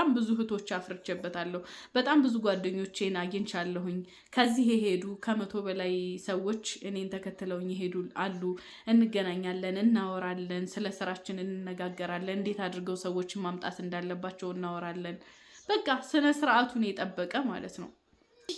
በጣም ብዙ እህቶች አፍርቼበታለሁ። በጣም ብዙ ጓደኞቼን አግኝቻለሁኝ። ከዚህ የሄዱ ከመቶ በላይ ሰዎች እኔን ተከትለውኝ የሄዱ አሉ። እንገናኛለን፣ እናወራለን፣ ስለ ስራችን እንነጋገራለን፣ እንዴት አድርገው ሰዎችን ማምጣት እንዳለባቸው እናወራለን። በቃ ስነ ስርዓቱን የጠበቀ ማለት ነው።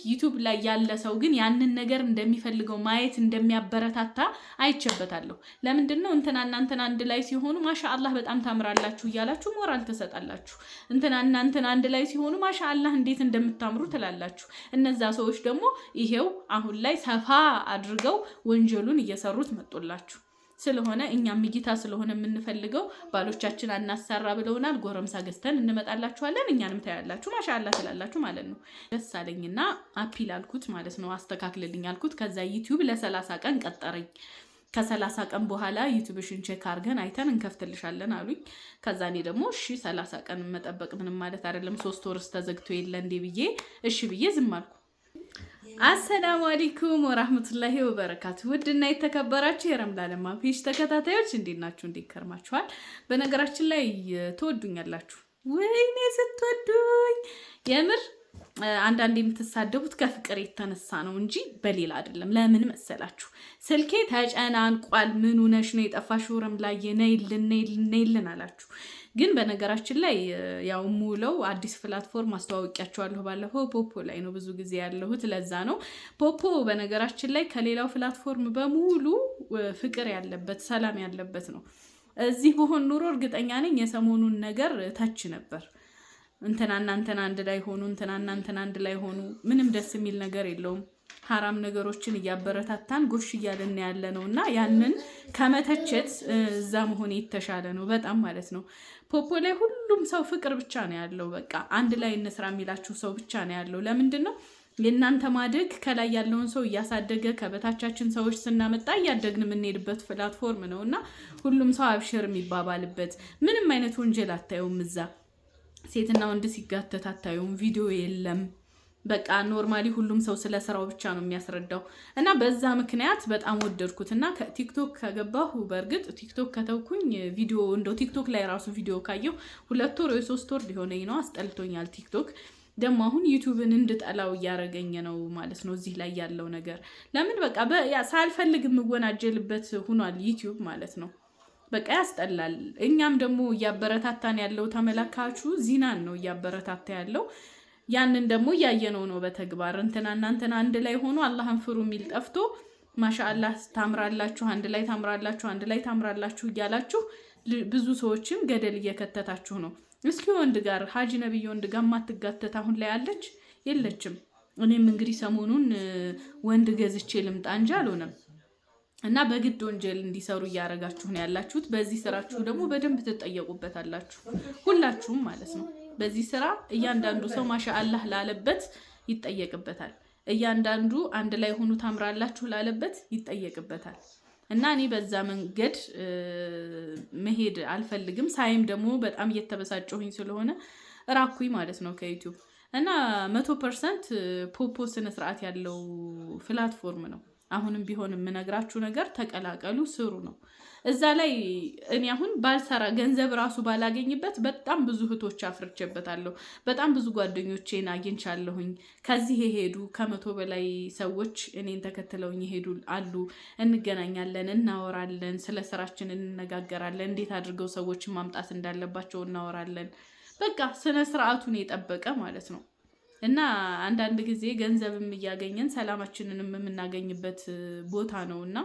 ዩቱብ ላይ ያለ ሰው ግን ያንን ነገር እንደሚፈልገው ማየት እንደሚያበረታታ አይቸበታለሁ። ለምንድን ነው እንትና እናንትና አንድ ላይ ሲሆኑ ማሻአላህ በጣም ታምራላችሁ እያላችሁ ሞራል ትሰጣላችሁ። እንትና እናንትና አንድ ላይ ሲሆኑ ማሻአላህ እንዴት እንደምታምሩ ትላላችሁ። እነዛ ሰዎች ደግሞ ይሄው አሁን ላይ ሰፋ አድርገው ወንጀሉን እየሰሩት መጡላችሁ። ስለሆነ እኛም ሚጊታ ስለሆነ የምንፈልገው ባሎቻችን አናሰራ ብለውናል። ጎረምሳ ገዝተን እንመጣላችኋለን እኛንም ታያላችሁ ማሻላ ትላላችሁ ማለት ነው። ደስ አለኝና አፒል አልኩት ማለት ነው። አስተካክልልኝ አልኩት። ከዛ ዩቲዩብ ለሰላሳ ቀን ቀጠረኝ። ከሰላሳ ቀን በኋላ ዩቲዩብሽን ቼክ አድርገን አይተን እንከፍትልሻለን አሉኝ። ከዛ እኔ ደግሞ እሺ ሰላሳ ቀን መጠበቅ ምንም ማለት አይደለም ሶስት ወርስ ተዘግቶ የለ እንዴ ብዬ እሺ ብዬ ዝም አልኩ። አሰላሙ አለይኩም ወራህመቱላሂ ወበረካቱ። ውድና የተከበራችሁ የረምላለማ ፔጅ ተከታታዮች እንዴት ናችሁ? እንዴት ከርማችኋል? በነገራችን ላይ ትወዱኛላችሁ። ወይኔ ስትወዱኝ የምር አንዳንድ የምትሳደቡት ከፍቅር የተነሳ ነው እንጂ በሌላ አይደለም። ለምን መሰላችሁ? ስልኬ ተጨናንቋል። ምን ነሽ ነው የጠፋሽው? ረምላዬ ነይልን ነይልን ነይልን አላችሁ ግን በነገራችን ላይ ያው ሙለው አዲስ ፕላትፎርም አስተዋወቂያቸዋለሁ ባለፈው ፖፖ ላይ ነው ብዙ ጊዜ ያለሁት ለዛ ነው። ፖፖ በነገራችን ላይ ከሌላው ፕላትፎርም በሙሉ ፍቅር ያለበት ሰላም ያለበት ነው። እዚህ በሆን ኑሮ እርግጠኛ ነኝ የሰሞኑን ነገር ታች ነበር። እንትናና እንትና አንድ ላይ ሆኑ፣ እንትናና እንትና አንድ ላይ ሆኑ። ምንም ደስ የሚል ነገር የለውም። ሀራም ነገሮችን እያበረታታን ጎሽ እያለን ያለ ነው እና ያንን ከመተቸት እዛ መሆን የተሻለ ነው በጣም ማለት ነው። ፖፖ ላይ ሁሉም ሰው ፍቅር ብቻ ነው ያለው። በቃ አንድ ላይ እንስራ የሚላችሁ ሰው ብቻ ነው ያለው። ለምንድን ነው የእናንተ ማደግ ከላይ ያለውን ሰው እያሳደገ ከበታቻችን ሰዎች ስናመጣ እያደግን የምንሄድበት ፕላትፎርም ነው እና ሁሉም ሰው አብሽር የሚባባልበት ምንም አይነት ወንጀል አታየውም እዛ ሴትና ወንድ ሲጋተት አታየውም ቪዲዮ የለም። በቃ ኖርማሊ ሁሉም ሰው ስለ ስራው ብቻ ነው የሚያስረዳው እና በዛ ምክንያት በጣም ወደድኩት እና ቲክቶክ ከገባሁ በእርግጥ ቲክቶክ ከተውኩኝ ቪዲዮ እንደው ቲክቶክ ላይ ራሱ ቪዲዮ ካየው ሁለት ወር ወይ ሶስት ወር ሊሆነኝ ነው። አስጠልቶኛል ቲክቶክ ደግሞ አሁን ዩቱብን እንድጠላው እያደረገኝ ነው ማለት ነው። እዚህ ላይ ያለው ነገር ለምን በቃ ሳልፈልግ የምወናጀልበት ሁኗል ዩቱብ ማለት ነው። በቃ ያስጠላል። እኛም ደግሞ እያበረታታን ያለው ተመለካቹ ዚናን ነው እያበረታታ ያለው ያንን ደግሞ እያየነው ነው በተግባር እንትና እናንትና አንድ ላይ ሆኖ አላህን ፍሩ የሚል ጠፍቶ ማሻአላህ ታምራላችሁ፣ አንድ ላይ ታምራላችሁ፣ አንድ ላይ ታምራላችሁ እያላችሁ ብዙ ሰዎችም ገደል እየከተታችሁ ነው። እስኪ ወንድ ጋር ሀጂ ነብይ ወንድ ጋር ማትጋተት አሁን ላይ አለች የለችም? እኔም እንግዲህ ሰሞኑን ወንድ ገዝቼ ልምጣ እንጂ አልሆነም እና በግድ ወንጀል እንዲሰሩ እያደረጋችሁ ነው ያላችሁት። በዚህ ስራችሁ ደግሞ በደንብ ትጠየቁበታላችሁ ሁላችሁም ማለት ነው። በዚህ ስራ እያንዳንዱ ሰው አላህ ላለበት ይጠየቅበታል። እያንዳንዱ አንድ ላይ ሆኑ ታምራላችሁ ላለበት ይጠየቅበታል። እና እኔ በዛ መንገድ መሄድ አልፈልግም። ሳይም ደግሞ በጣም እየተበሳጨሁኝ ስለሆነ እራኩኝ ማለት ነው ከዩቲዩብ እና መቶ ፐርሰንት ፖፖ ስነስርዓት ያለው ፕላትፎርም ነው። አሁንም ቢሆን የምነግራችሁ ነገር ተቀላቀሉ፣ ስሩ ነው። እዛ ላይ እኔ አሁን ባልሰራ ገንዘብ ራሱ ባላገኝበት በጣም ብዙ እህቶች አፍርቼበታለሁ። በጣም ብዙ ጓደኞቼን አግኝቻለሁኝ። ከዚህ የሄዱ ከመቶ በላይ ሰዎች እኔን ተከትለውኝ የሄዱ አሉ። እንገናኛለን፣ እናወራለን፣ ስለ ስራችን እንነጋገራለን፣ እንዴት አድርገው ሰዎችን ማምጣት እንዳለባቸው እናወራለን። በቃ ስነ ስርዓቱን የጠበቀ ማለት ነው። እና አንዳንድ ጊዜ ገንዘብም እያገኘን ሰላማችንንም የምናገኝበት ቦታ ነው እና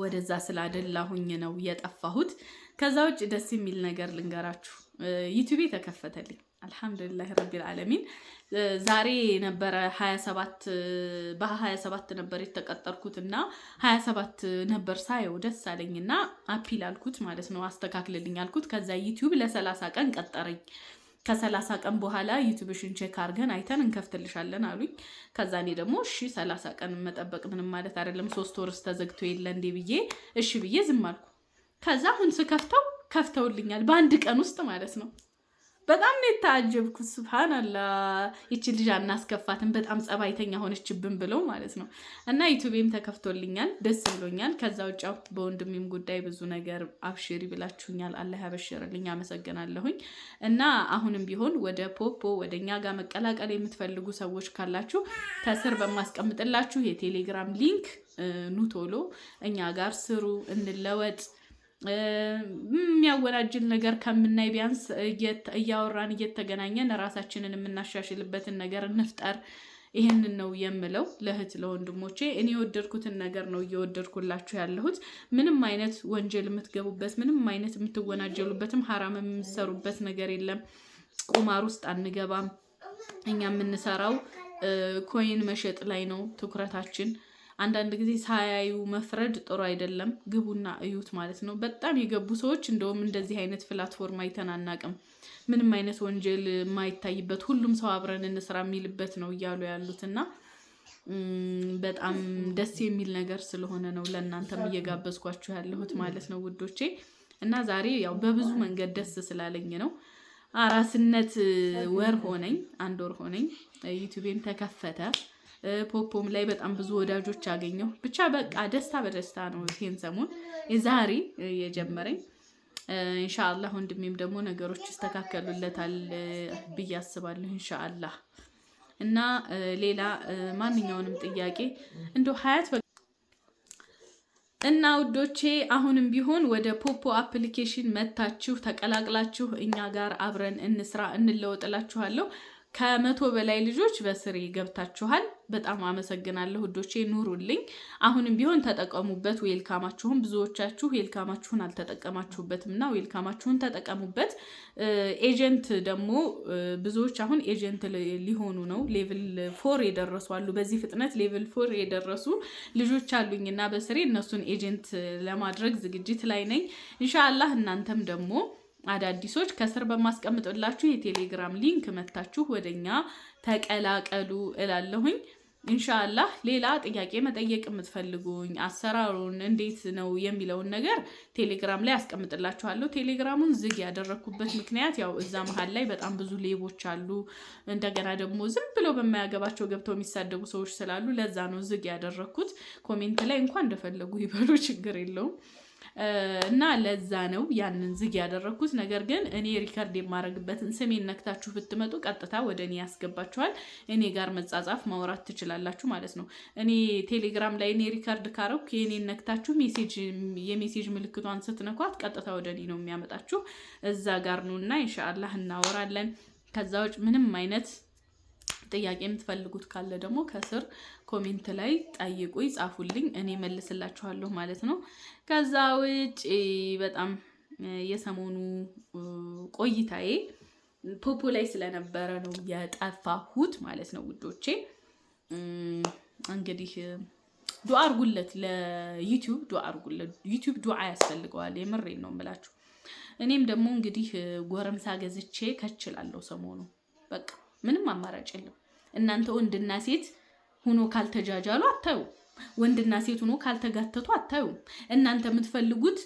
ወደዛ ስላደላሁኝ ነው የጠፋሁት። ከዛ ውጭ ደስ የሚል ነገር ልንገራችሁ፣ ዩቱቤ ተከፈተልኝ። አልሐምዱሊላህ ረቢል ዓለሚን። ዛሬ ነበረ 27 በ27 ነበር የተቀጠርኩት እና ሰባት ነበር ሳየው ደስ አለኝ እና አፒል አልኩት ማለት ነው አስተካክልልኝ አልኩት። ከዛ ዩቲዩብ ለሰላሳ ቀን ቀጠረኝ። ከሰላሳ ቀን በኋላ ዩቱብሽን ቼክ አድርገን አይተን እንከፍትልሻለን አሉኝ። ከዛ እኔ ደግሞ እሺ ሰላሳ ቀን መጠበቅ ምንም ማለት አይደለም ሶስት ወርስ ተዘግቶ የለ እንዴ ብዬ እሺ ብዬ ዝም አልኩ። ከዛ አሁን ስከፍተው ከፍተውልኛል በአንድ ቀን ውስጥ ማለት ነው። በጣም ነው የታጀብኩት። ስብሃናላ ይቺ ልጅ አናስከፋትን በጣም ጸባይተኛ ሆነችብን ብለው ማለት ነው። እና ዩቱቤም ተከፍቶልኛል፣ ደስ ብሎኛል። ከዛ ውጭ በወንድሜም ጉዳይ ብዙ ነገር አብሽሪ ብላችሁኛል። አላህ ያበሽርልኝ፣ አመሰግናለሁኝ። እና አሁንም ቢሆን ወደ ፖፖ ወደ እኛ ጋር መቀላቀል የምትፈልጉ ሰዎች ካላችሁ ከስር በማስቀምጥላችሁ የቴሌግራም ሊንክ ኑ ቶሎ እኛ ጋር ስሩ እንለወጥ። የሚያወናጅል ነገር ከምናይ ቢያንስ እያወራን እየተገናኘን ራሳችንን የምናሻሽልበትን ነገር እንፍጠር። ይህንን ነው የምለው ለእህት ለወንድሞቼ። እኔ የወደድኩትን ነገር ነው እየወደድኩላችሁ ያለሁት። ምንም አይነት ወንጀል የምትገቡበት፣ ምንም አይነት የምትወናጀሉበትም፣ ሀራም የምሰሩበት ነገር የለም። ቁማር ውስጥ አንገባም። እኛ የምንሰራው ኮይን መሸጥ ላይ ነው ትኩረታችን። አንዳንድ ጊዜ ሳያዩ መፍረድ ጥሩ አይደለም። ግቡና እዩት ማለት ነው። በጣም የገቡ ሰዎች እንደውም እንደዚህ አይነት ፕላትፎርም አይተን አናቅም። ምንም አይነት ወንጀል የማይታይበት ሁሉም ሰው አብረን እንስራ የሚልበት ነው እያሉ ያሉት እና በጣም ደስ የሚል ነገር ስለሆነ ነው ለእናንተም እየጋበዝኳችሁ ያለሁት ማለት ነው ውዶቼ። እና ዛሬ ያው በብዙ መንገድ ደስ ስላለኝ ነው። አራስነት ወር ሆነኝ፣ አንድ ወር ሆነኝ። ዩቱቤም ተከፈተ። ፖፖም ላይ በጣም ብዙ ወዳጆች አገኘው። ብቻ በቃ ደስታ በደስታ ነው ይሄን ሰሞን የዛሬ የጀመረኝ። እንሻአላህ ወንድሜም ደግሞ ነገሮች ይስተካከሉለታል ብዬ አስባለሁ እንሻአላህ እና ሌላ ማንኛውንም ጥያቄ እንደው ሀያት እና ውዶቼ አሁንም ቢሆን ወደ ፖፖ አፕሊኬሽን መታችሁ ተቀላቅላችሁ እኛ ጋር አብረን እንስራ እንለወጥላችኋለሁ። ከመቶ በላይ ልጆች በስሬ ገብታችኋል። በጣም አመሰግናለሁ ውዶቼ፣ ኑሩልኝ። አሁንም ቢሆን ተጠቀሙበት። ዌልካማችሁን ብዙዎቻችሁ ዌልካማችሁን አልተጠቀማችሁበትም እና ዌልካማችሁን ተጠቀሙበት። ኤጀንት ደግሞ ብዙዎች አሁን ኤጀንት ሊሆኑ ነው። ሌቭል ፎር የደረሱ አሉ። በዚህ ፍጥነት ሌቭል ፎር የደረሱ ልጆች አሉኝ እና በስሬ እነሱን ኤጀንት ለማድረግ ዝግጅት ላይ ነኝ። እንሻላህ እናንተም ደግሞ አዳዲሶች ከስር በማስቀምጥላችሁ የቴሌግራም ሊንክ መታችሁ ወደኛ ተቀላቀሉ እላለሁኝ። እንሻላህ ሌላ ጥያቄ መጠየቅ የምትፈልጉኝ አሰራሩን እንዴት ነው የሚለውን ነገር ቴሌግራም ላይ አስቀምጥላችኋለሁ። ቴሌግራሙን ዝግ ያደረግኩበት ምክንያት ያው እዛ መሀል ላይ በጣም ብዙ ሌቦች አሉ፣ እንደገና ደግሞ ዝም ብለው በማያገባቸው ገብተው የሚሳደቡ ሰዎች ስላሉ ለዛ ነው ዝግ ያደረግኩት። ኮሜንት ላይ እንኳን እንደፈለጉ ይበሉ፣ ችግር የለውም። እና ለዛ ነው ያንን ዝግ ያደረግኩት። ነገር ግን እኔ ሪከርድ የማረግበትን ስሜን ነክታችሁ ብትመጡ ቀጥታ ወደ እኔ ያስገባችኋል። እኔ ጋር መጻጻፍ ማውራት ትችላላችሁ ማለት ነው። እኔ ቴሌግራም ላይ እኔ ሪከርድ ካረኩ የእኔን ነክታችሁ የሜሴጅ ምልክቷን ስትነኳት ቀጥታ ወደ እኔ ነው የሚያመጣችሁ። እዛ ጋር እና ኢንሻአላህ እናወራለን። ከዛ ውጭ ምንም አይነት ጥያቄ የምትፈልጉት ካለ ደግሞ ከስር ኮሜንት ላይ ጠይቁ፣ ይጻፉልኝ፣ እኔ መልስላችኋለሁ ማለት ነው። ከዛ ውጭ በጣም የሰሞኑ ቆይታዬ ፖፖ ላይ ስለነበረ ነው የጠፋሁት ማለት ነው ውዶቼ። እንግዲህ ዱዓ አርጉለት ለዩቲዩብ ዱዓ አርጉለት። ዩቲዩብ ዱዓ ያስፈልገዋል። የምሬን ነው የምላችሁ። እኔም ደግሞ እንግዲህ ጎረምሳ ገዝቼ ከችላለሁ ሰሞኑ። በቃ ምንም አማራጭ የለም። እናንተ ወንድና ሴት ሆኖ ካልተጃጃሉ አታዩ። ወንድና ሴት ሆኖ ካልተጋተቱ አታዩ። እናንተ የምትፈልጉት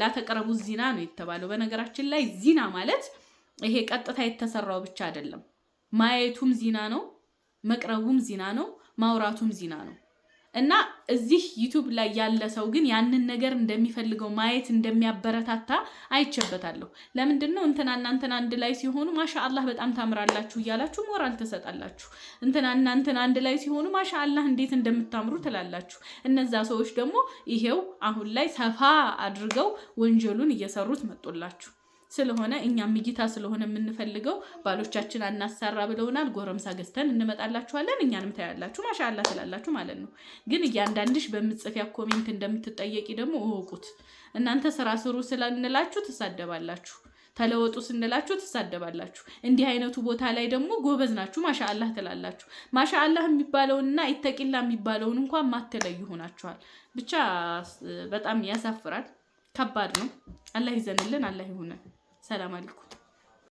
ላተቀረቡ ዚና ነው የተባለው። በነገራችን ላይ ዚና ማለት ይሄ ቀጥታ የተሰራው ብቻ አይደለም። ማየቱም ዚና ነው፣ መቅረቡም ዚና ነው፣ ማውራቱም ዚና ነው። እና እዚህ ዩቱብ ላይ ያለ ሰው ግን ያንን ነገር እንደሚፈልገው ማየት እንደሚያበረታታ አይቸበታለሁ። ለምንድን ነው እንትናና እንትና አንድ ላይ ሲሆኑ አላህ በጣም ታምራላችሁ እያላችሁ ሞራል ትሰጣላችሁ። እንትናና እንትና አንድ ላይ ሲሆኑ አላህ እንዴት እንደምታምሩ ትላላችሁ። እነዛ ሰዎች ደግሞ ይሄው አሁን ላይ ሰፋ አድርገው ወንጀሉን እየሰሩት መጡላችሁ። ስለሆነ እኛም እይታ ስለሆነ የምንፈልገው ባሎቻችን አናሰራ ብለውናል። ጎረምሳ ገዝተን እንመጣላችኋለን እኛንም ታያላችሁ ማሻላ ትላላችሁ ማለት ነው። ግን እያንዳንድሽ በምጽፊያ ኮሜንት እንደምትጠየቂ ደግሞ እወቁት። እናንተ ስራ ስሩ ስለንላችሁ ትሳደባላችሁ፣ ተለወጡ ስንላችሁ ትሳደባላችሁ። እንዲህ አይነቱ ቦታ ላይ ደግሞ ጎበዝ ናችሁ ማሻአላህ ትላላችሁ። ማሻአላህ የሚባለውንና ኢተቂላ የሚባለውን እንኳን ማትለዩ ሆናችኋል። ብቻ በጣም ያሳፍራል። ከባድ ነው። አላህ ይዘንልን፣ አላህ ይሁነን። ሰላም አለኩም።